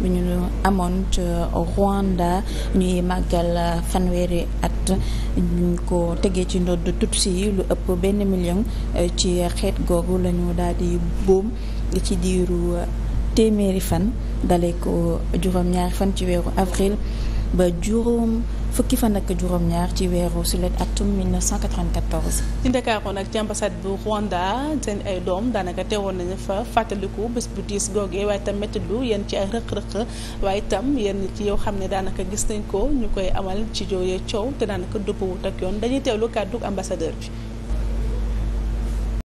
bi ñu amoon ca Rwanda ñuy màggal fanweeri at ñu ko tegee ci ndodd Tutsi yi lu ëpp benn million eh, ci xeet googu la ñu daal di ci diiru eh, téeméeri fan dale juróom-ñaari fan ci weeru avril ba juróom fukki fan ak juróom-ñaar ci weeru sulet atum 1994. ci Ndakaaru nag ci ambassade bu Rwanda seen ay doom daanaka teewoon nañu fa fàttaliku bés bu diis googee waaye itam méttilu yéen ci ay rëq-rëq waaye itam yenn ci yow xam ne daanaka gis nañ ko ñu koy amal ci jooyee coow te daanaka dëppwut ak yoon dañuy teewlu kàddu ambassadeur bi.